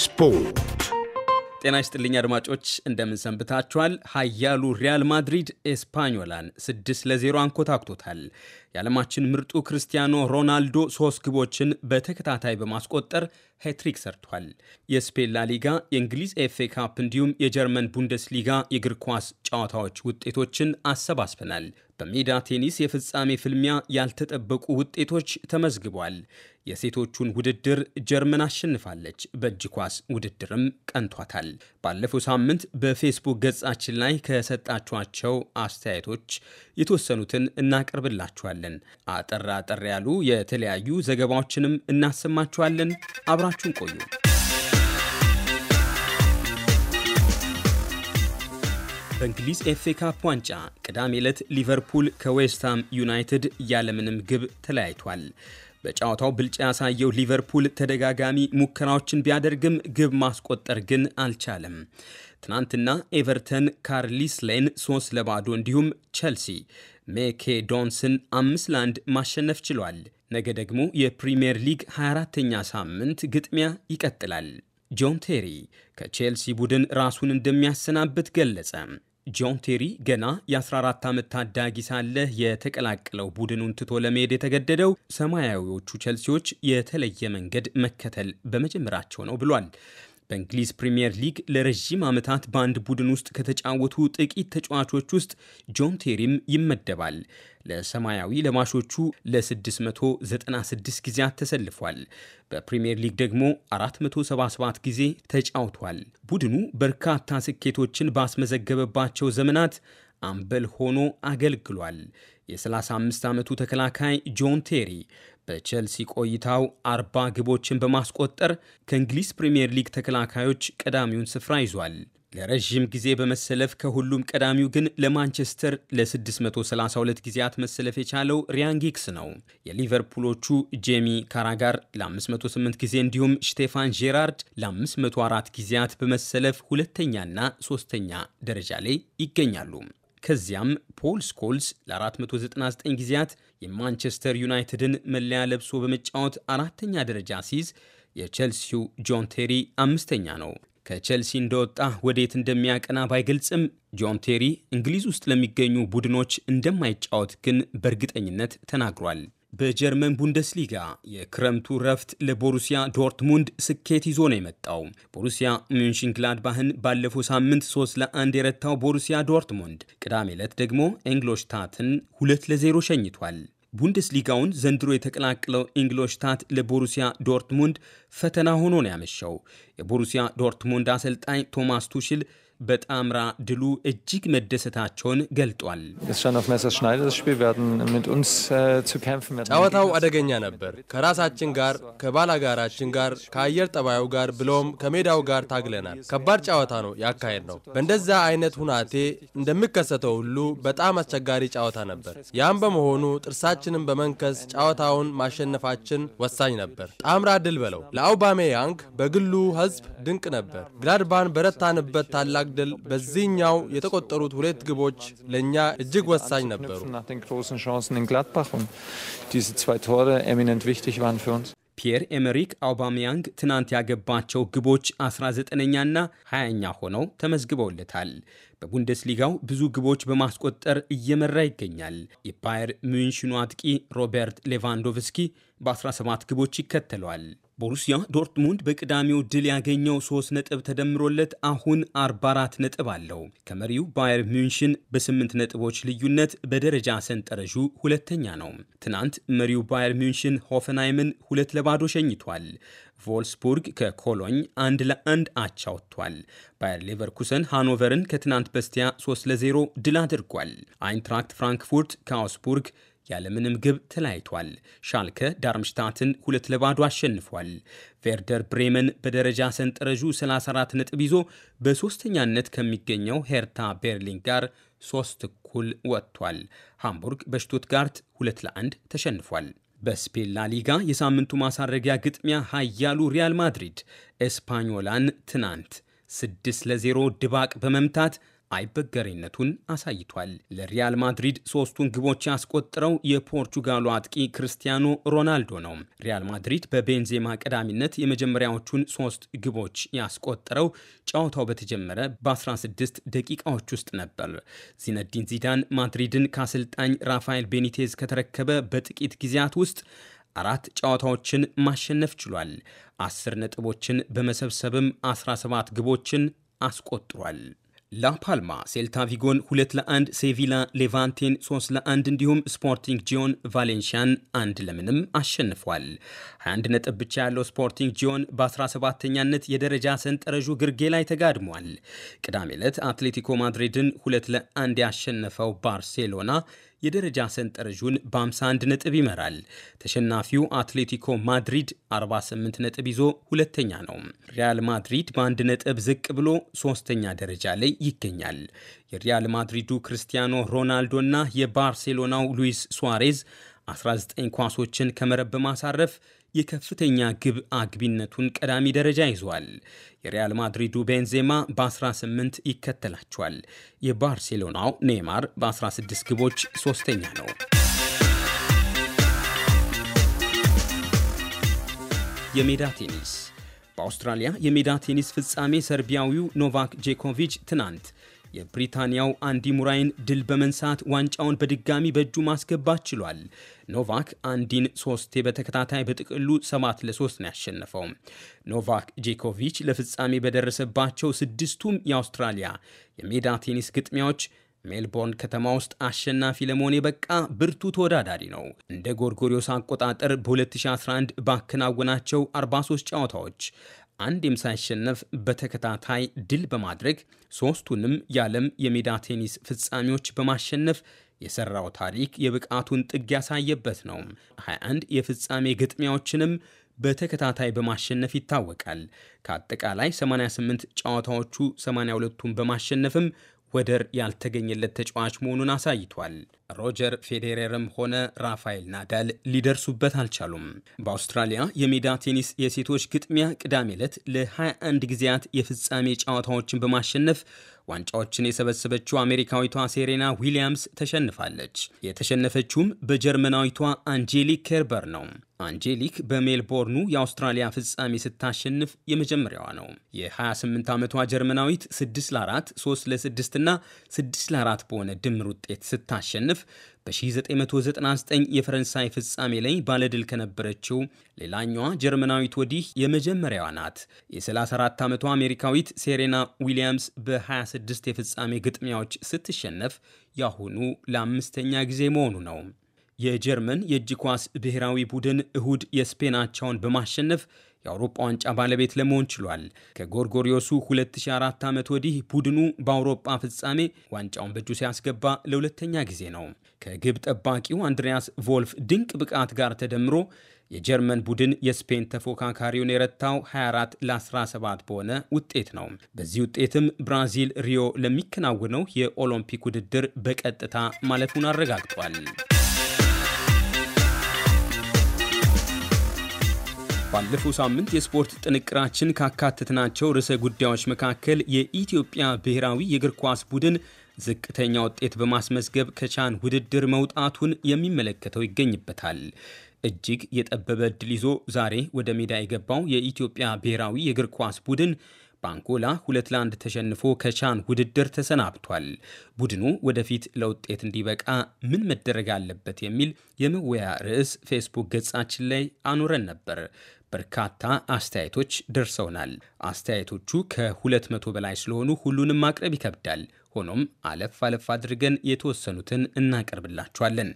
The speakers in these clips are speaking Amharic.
ስፖርት ጤና ይስጥልኝ አድማጮች፣ እንደምንሰንብታችኋል። ኃያሉ ሪያል ማድሪድ ኤስፓኞላን 6 ለ0 አንኮታክቶታል። የዓለማችን ምርጡ ክርስቲያኖ ሮናልዶ ሶስት ግቦችን በተከታታይ በማስቆጠር ሄትሪክ ሰርቷል። የስፔን ላሊጋ፣ የእንግሊዝ ኤፍኤ ካፕ እንዲሁም የጀርመን ቡንደስሊጋ የእግር ኳስ ጨዋታዎች ውጤቶችን አሰባስበናል። በሜዳ ቴኒስ የፍጻሜ ፍልሚያ ያልተጠበቁ ውጤቶች ተመዝግቧል። የሴቶቹን ውድድር ጀርመን አሸንፋለች። በእጅ ኳስ ውድድርም ቀንቷታል። ባለፈው ሳምንት በፌስቡክ ገጻችን ላይ ከሰጣችኋቸው አስተያየቶች የተወሰኑትን እናቀርብላችኋል። እንሰማለን። አጠር አጠር ያሉ የተለያዩ ዘገባዎችንም እናሰማችኋለን። አብራችሁን ቆዩ። በእንግሊዝ ኤፍ ኤ ካፕ ዋንጫ ቅዳሜ ዕለት ሊቨርፑል ከዌስትሃም ዩናይትድ ያለምንም ግብ ተለያይቷል። በጨዋታው ብልጫ ያሳየው ሊቨርፑል ተደጋጋሚ ሙከራዎችን ቢያደርግም ግብ ማስቆጠር ግን አልቻለም። ትናንትና ኤቨርተን ካርሊስ ሌን ሶስት ለባዶ እንዲሁም ቸልሲ ሜኬዶንስን አምስት ለአንድ ማሸነፍ ችሏል። ነገ ደግሞ የፕሪምየር ሊግ 24ተኛ ሳምንት ግጥሚያ ይቀጥላል። ጆን ቴሪ ከቼልሲ ቡድን ራሱን እንደሚያሰናብት ገለጸ። ጆን ቴሪ ገና የ14 ዓመት ታዳጊ ሳለ የተቀላቀለው ቡድኑን ትቶ ለመሄድ የተገደደው ሰማያዊዎቹ ቼልሲዎች የተለየ መንገድ መከተል በመጀመራቸው ነው ብሏል። በእንግሊዝ ፕሪምየር ሊግ ለረዥም ዓመታት በአንድ ቡድን ውስጥ ከተጫወቱ ጥቂት ተጫዋቾች ውስጥ ጆን ቴሪም ይመደባል። ለሰማያዊ ለማሾቹ ለ696 ጊዜያት ተሰልፏል። በፕሪምየር ሊግ ደግሞ 477 ጊዜ ተጫውቷል። ቡድኑ በርካታ ስኬቶችን ባስመዘገበባቸው ዘመናት አምበል ሆኖ አገልግሏል። የ35 ዓመቱ ተከላካይ ጆን ቴሪ በቼልሲ ቆይታው አርባ ግቦችን በማስቆጠር ከእንግሊዝ ፕሪምየር ሊግ ተከላካዮች ቀዳሚውን ስፍራ ይዟል። ለረዥም ጊዜ በመሰለፍ ከሁሉም ቀዳሚው ግን ለማንቸስተር ለ632 ጊዜያት መሰለፍ የቻለው ሪያን ነው። የሊቨርፑሎቹ ጄሚ ካራጋር ለ508 ጊዜ እንዲሁም ሽቴፋን ጄራርድ ለ504 ጊዜያት በመሰለፍ ሁለተኛና ሶስተኛ ደረጃ ላይ ይገኛሉ። ከዚያም ፖል ስኮልስ ለ499 ጊዜያት የማንቸስተር ዩናይትድን መለያ ለብሶ በመጫወት አራተኛ ደረጃ ሲይዝ የቼልሲው ጆን ቴሪ አምስተኛ ነው። ከቼልሲ እንደወጣ ወዴት እንደሚያቀና ባይገልጽም ጆን ቴሪ እንግሊዝ ውስጥ ለሚገኙ ቡድኖች እንደማይጫወት ግን በእርግጠኝነት ተናግሯል። በጀርመን ቡንደስሊጋ የክረምቱ ረፍት ለቦሩሲያ ዶርትሙንድ ስኬት ይዞ ነው የመጣው። ቦሩሲያ ሚንሽንግላድባህን ባለፈው ሳምንት ለ ለአንድ የረታው ቦሩሲያ ዶርትሙንድ ቅዳሜ ዕለት ደግሞ ኤንግሎሽታትን ለ ለዜሮ ሸኝቷል። ቡንደስሊጋውን ዘንድሮ የተቀላቀለው ኤንግሎሽታት ለቦሩሲያ ዶርትሙንድ ፈተና ሆኖ ነው ያመሸው። የቦሩሲያ ዶርትሙንድ አሰልጣኝ ቶማስ ቱሽል በጣምራ ድሉ እጅግ መደሰታቸውን ገልጧል። ጨዋታው አደገኛ ነበር። ከራሳችን ጋር፣ ከባላጋራችን ጋር፣ ከአየር ጠባዩ ጋር ብሎም ከሜዳው ጋር ታግለናል። ከባድ ጨዋታ ነው ያካሄድ ነው። በእንደዛ አይነት ሁናቴ እንደሚከሰተው ሁሉ በጣም አስቸጋሪ ጨዋታ ነበር። ያም በመሆኑ ጥርሳችንን በመንከስ ጨዋታውን ማሸነፋችን ወሳኝ ነበር። ጣምራ ድል በለው ለአውባሜ ያንግ በግሉ ህዝብ ድንቅ ነበር። ግላድባን በረታንበት ታላቅ ለመግደል በዚህኛው የተቆጠሩት ሁለት ግቦች ለእኛ እጅግ ወሳኝ ነበሩ። ፒየር ኤመሪክ አውባሚያንግ ትናንት ያገባቸው ግቦች 19ኛና 20ኛ ሆነው ተመዝግበውለታል። በቡንደስሊጋው ብዙ ግቦች በማስቆጠር እየመራ ይገኛል። የባየር ሚንሽኑ አጥቂ ሮቤርት ሌቫንዶቭስኪ በ17 ግቦች ይከተለዋል። ቦሩሲያ ዶርትሙንድ በቅዳሜው ድል ያገኘው ሶስት ነጥብ ተደምሮለት አሁን 44 ነጥብ አለው። ከመሪው ባየር ሚንሽን በስምንት ነጥቦች ልዩነት በደረጃ ሰንጠረዡ ሁለተኛ ነው። ትናንት መሪው ባየር ሚንሽን ሆፈንሃይምን ሁለት ለባዶ ሸኝቷል። ቮልስቡርግ ከኮሎኝ አንድ ለአንድ አቻ ወጥቷል። ባየር ሌቨርኩሰን ሃኖቨርን ከትናንት በስቲያ 3 ለ0 ድል አድርጓል። አይንትራክት ፍራንክፉርት ከአውስቡርግ ያለምንም ግብ ተለያይቷል። ሻልከ ዳርምሽታትን ሁለት ለባዶ አሸንፏል። ቬርደር ብሬመን በደረጃ ሰንጠረዡ 34 ነጥብ ይዞ በሦስተኛነት ከሚገኘው ሄርታ ቤርሊን ጋር ሶስት እኩል ወጥቷል። ሃምቡርግ በሽቱትጋርት ሁለት ለአንድ ተሸንፏል። በስፔን ላሊጋ የሳምንቱ ማሳረጊያ ግጥሚያ ኃያሉ ሪያል ማድሪድ ኤስፓኞላን ትናንት ለ ለዜሮ ድባቅ በመምታት አይበገሬነቱን አሳይቷል። ለሪያል ማድሪድ ሶስቱን ግቦች ያስቆጠረው የፖርቹጋሉ አጥቂ ክርስቲያኖ ሮናልዶ ነው። ሪያል ማድሪድ በቤንዜማ ቀዳሚነት የመጀመሪያዎቹን ሶስት ግቦች ያስቆጠረው ጨዋታው በተጀመረ በ16 ደቂቃዎች ውስጥ ነበር። ዚነዲን ዚዳን ማድሪድን ከአሰልጣኝ ራፋኤል ቤኒቴዝ ከተረከበ በጥቂት ጊዜያት ውስጥ አራት ጨዋታዎችን ማሸነፍ ችሏል። አስር ነጥቦችን በመሰብሰብም 17 ግቦችን አስቆጥሯል። ላፓልማ ሴልታ ቪጎን ሁለት ለአንድ ሴቪላ ሌቫንቴን ሶስት ለአንድ እንዲሁም ስፖርቲንግ ጂዮን ቫሌንሽያን አንድ ለምንም አሸንፏል። 21 ነጥብ ብቻ ያለው ስፖርቲንግ ጂዮን በ17ተኛነት የደረጃ ሰንጠረዡ ግርጌ ላይ ተጋድሟል። ቅዳሜ ዕለት አትሌቲኮ ማድሪድን ሁለት ለአንድ ያሸነፈው ባርሴሎና የደረጃ ሰንጠረዡን በ51 ነጥብ ይመራል። ተሸናፊው አትሌቲኮ ማድሪድ 48 ነጥብ ይዞ ሁለተኛ ነው። ሪያል ማድሪድ በአንድ ነጥብ ዝቅ ብሎ ሶስተኛ ደረጃ ላይ ይገኛል። የሪያል ማድሪዱ ክርስቲያኖ ሮናልዶና የባርሴሎናው ሉዊስ ሱዋሬዝ 19 ኳሶችን ከመረብ በማሳረፍ የከፍተኛ ግብ አግቢነቱን ቀዳሚ ደረጃ ይዟል። የሪያል ማድሪዱ ቤንዜማ በ18 ይከተላቸዋል። የባርሴሎናው ኔይማር በ16 ግቦች ሶስተኛ ነው። የሜዳ ቴኒስ በአውስትራሊያ የሜዳ ቴኒስ ፍጻሜ ሰርቢያዊው ኖቫክ ጄኮቪች ትናንት የብሪታንያው አንዲ ሙራይን ድል በመንሳት ዋንጫውን በድጋሚ በእጁ ማስገባት ችሏል። ኖቫክ አንዲን ሶስቴ በተከታታይ በጥቅሉ ሰባት ለሶስት ነው ያሸነፈው። ኖቫክ ጄኮቪች ለፍጻሜ በደረሰባቸው ስድስቱም የአውስትራሊያ የሜዳ ቴኒስ ግጥሚያዎች ሜልቦርን ከተማ ውስጥ አሸናፊ ለመሆን የበቃ ብርቱ ተወዳዳሪ ነው። እንደ ጎርጎሪዮስ አቆጣጠር በ2011 ባከናወናቸው 43 ጨዋታዎች አንድም ሳይሸነፍ በተከታታይ ድል በማድረግ ሶስቱንም የዓለም የሜዳ ቴኒስ ፍጻሜዎች በማሸነፍ የሰራው ታሪክ የብቃቱን ጥግ ያሳየበት ነው። 21 የፍጻሜ ግጥሚያዎችንም በተከታታይ በማሸነፍ ይታወቃል። ከአጠቃላይ 88 ጨዋታዎቹ 82ቱን በማሸነፍም ወደር ያልተገኘለት ተጫዋች መሆኑን አሳይቷል። ሮጀር ፌዴሬርም ሆነ ራፋኤል ናዳል ሊደርሱበት አልቻሉም። በአውስትራሊያ የሜዳ ቴኒስ የሴቶች ግጥሚያ ቅዳሜ ዕለት ለ21 ጊዜያት የፍጻሜ ጨዋታዎችን በማሸነፍ ዋንጫዎችን የሰበሰበችው አሜሪካዊቷ ሴሬና ዊሊያምስ ተሸንፋለች። የተሸነፈችውም በጀርመናዊቷ አንጄሊክ ኬርበር ነው። አንጄሊክ በሜልቦርኑ የአውስትራሊያ ፍጻሜ ስታሸንፍ የመጀመሪያዋ ነው። የ28 ዓመቷ ጀርመናዊት 6 ለ4፣ 3 ለ6 እና 6 ለ4 በሆነ ድምር ውጤት ስታሸንፍ በ1999 የፈረንሳይ ፍጻሜ ላይ ባለድል ከነበረችው ሌላኛዋ ጀርመናዊት ወዲህ የመጀመሪያዋ ናት። የ34 ዓመቷ አሜሪካዊት ሴሬና ዊሊያምስ በ26 የፍጻሜ ግጥሚያዎች ስትሸነፍ ያሁኑ ለአምስተኛ ጊዜ መሆኑ ነው። የጀርመን የእጅ ኳስ ብሔራዊ ቡድን እሁድ የስፔናቸውን በማሸነፍ የአውሮፓ ዋንጫ ባለቤት ለመሆን ችሏል። ከጎርጎሪዮሱ 2004 ዓመት ወዲህ ቡድኑ በአውሮፓ ፍጻሜ ዋንጫውን በእጁ ሲያስገባ ለሁለተኛ ጊዜ ነው። ከግብ ጠባቂው አንድሪያስ ቮልፍ ድንቅ ብቃት ጋር ተደምሮ የጀርመን ቡድን የስፔን ተፎካካሪውን የረታው 24 ለ17 በሆነ ውጤት ነው። በዚህ ውጤትም ብራዚል ሪዮ ለሚከናወነው የኦሎምፒክ ውድድር በቀጥታ ማለፉን አረጋግጧል። ባለፈው ሳምንት የስፖርት ጥንቅራችን ካካተትናቸው ርዕሰ ጉዳዮች መካከል የኢትዮጵያ ብሔራዊ የእግር ኳስ ቡድን ዝቅተኛ ውጤት በማስመዝገብ ከቻን ውድድር መውጣቱን የሚመለከተው ይገኝበታል። እጅግ የጠበበ እድል ይዞ ዛሬ ወደ ሜዳ የገባው የኢትዮጵያ ብሔራዊ የእግር ኳስ ቡድን በአንጎላ ሁለት ለአንድ ተሸንፎ ከቻን ውድድር ተሰናብቷል። ቡድኑ ወደፊት ለውጤት እንዲበቃ ምን መደረግ አለበት የሚል የመወያ ርዕስ ፌስቡክ ገጻችን ላይ አኖረን ነበር። በርካታ አስተያየቶች ደርሰውናል። አስተያየቶቹ ከሁለት መቶ በላይ ስለሆኑ ሁሉንም ማቅረብ ይከብዳል። ሆኖም አለፍ አለፍ አድርገን የተወሰኑትን እናቀርብላችኋለን።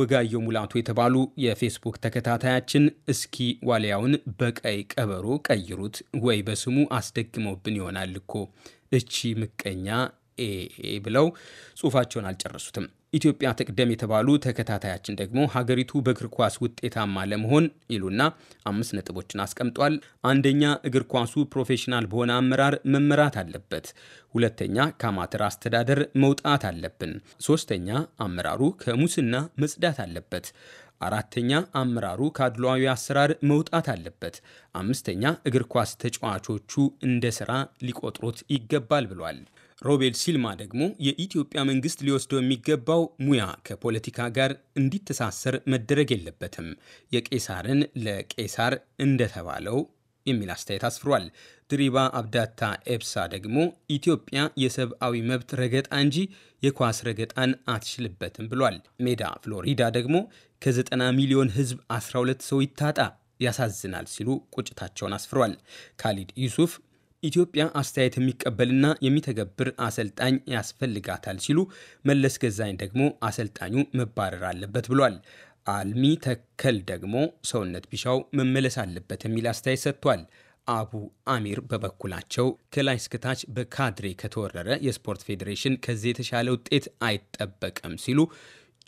ወጋየው ሙላቱ የተባሉ የፌስቡክ ተከታታያችን እስኪ ዋሊያውን በቀይ ቀበሮ ቀይሩት ወይ በስሙ አስደግመውብን ይሆናል እኮ እቺ ምቀኛ ኤ ብለው ጽሁፋቸውን አልጨረሱትም። ኢትዮጵያ ትቅደም የተባሉ ተከታታያችን ደግሞ ሀገሪቱ በእግር ኳስ ውጤታማ ለመሆን ይሉና አምስት ነጥቦችን አስቀምጧል። አንደኛ እግር ኳሱ ፕሮፌሽናል በሆነ አመራር መመራት አለበት። ሁለተኛ ከአማተር አስተዳደር መውጣት አለብን። ሶስተኛ አመራሩ ከሙስና መጽዳት አለበት። አራተኛ አመራሩ ከአድሏዊ አሰራር መውጣት አለበት። አምስተኛ እግር ኳስ ተጫዋቾቹ እንደ ስራ ሊቆጥሩት ይገባል ብሏል። ሮቤል ሲልማ ደግሞ የኢትዮጵያ መንግስት ሊወስደው የሚገባው ሙያ ከፖለቲካ ጋር እንዲተሳሰር መደረግ የለበትም፣ የቄሳርን ለቄሳር እንደተባለው የሚል አስተያየት አስፍሯል። ድሪባ አብዳታ ኤብሳ ደግሞ ኢትዮጵያ የሰብአዊ መብት ረገጣ እንጂ የኳስ ረገጣን አትችልበትም ብሏል። ሜዳ ፍሎሪዳ ደግሞ ከ90 ሚሊዮን ህዝብ 12 ሰው ይታጣ ያሳዝናል ሲሉ ቁጭታቸውን አስፍሯል። ካሊድ ዩሱፍ ኢትዮጵያ አስተያየት የሚቀበልና የሚተገብር አሰልጣኝ ያስፈልጋታል ሲሉ መለስ ገዛኝ ደግሞ አሰልጣኙ መባረር አለበት ብሏል። አልሚ ተከል ደግሞ ሰውነት ቢሻው መመለስ አለበት የሚል አስተያየት ሰጥቷል። አቡ አሚር በበኩላቸው ከላይ እስከታች በካድሬ ከተወረረ የስፖርት ፌዴሬሽን ከዚህ የተሻለ ውጤት አይጠበቅም ሲሉ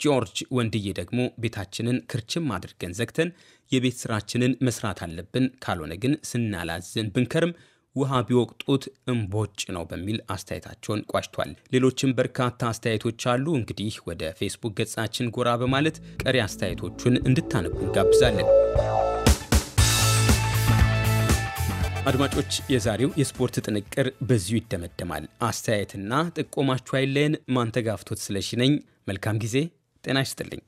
ጆርጅ ወንድዬ ደግሞ ቤታችንን ክርችም አድርገን ዘግተን የቤት ስራችንን መስራት አለብን፣ ካልሆነ ግን ስናላዝን ብንከርም ውሃ ቢወቅጡት እምቦጭ ነው በሚል አስተያየታቸውን ቋጭቷል። ሌሎችም በርካታ አስተያየቶች አሉ። እንግዲህ ወደ ፌስቡክ ገጻችን ጎራ በማለት ቀሪ አስተያየቶቹን እንድታነቡ እንጋብዛለን። አድማጮች፣ የዛሬው የስፖርት ጥንቅር በዚሁ ይደመደማል። አስተያየትና ጥቆማችሁ አይለየን። ማንተጋፍቶት ስለሺ ነኝ። መልካም ጊዜ። ጤና ይስጥልኝ።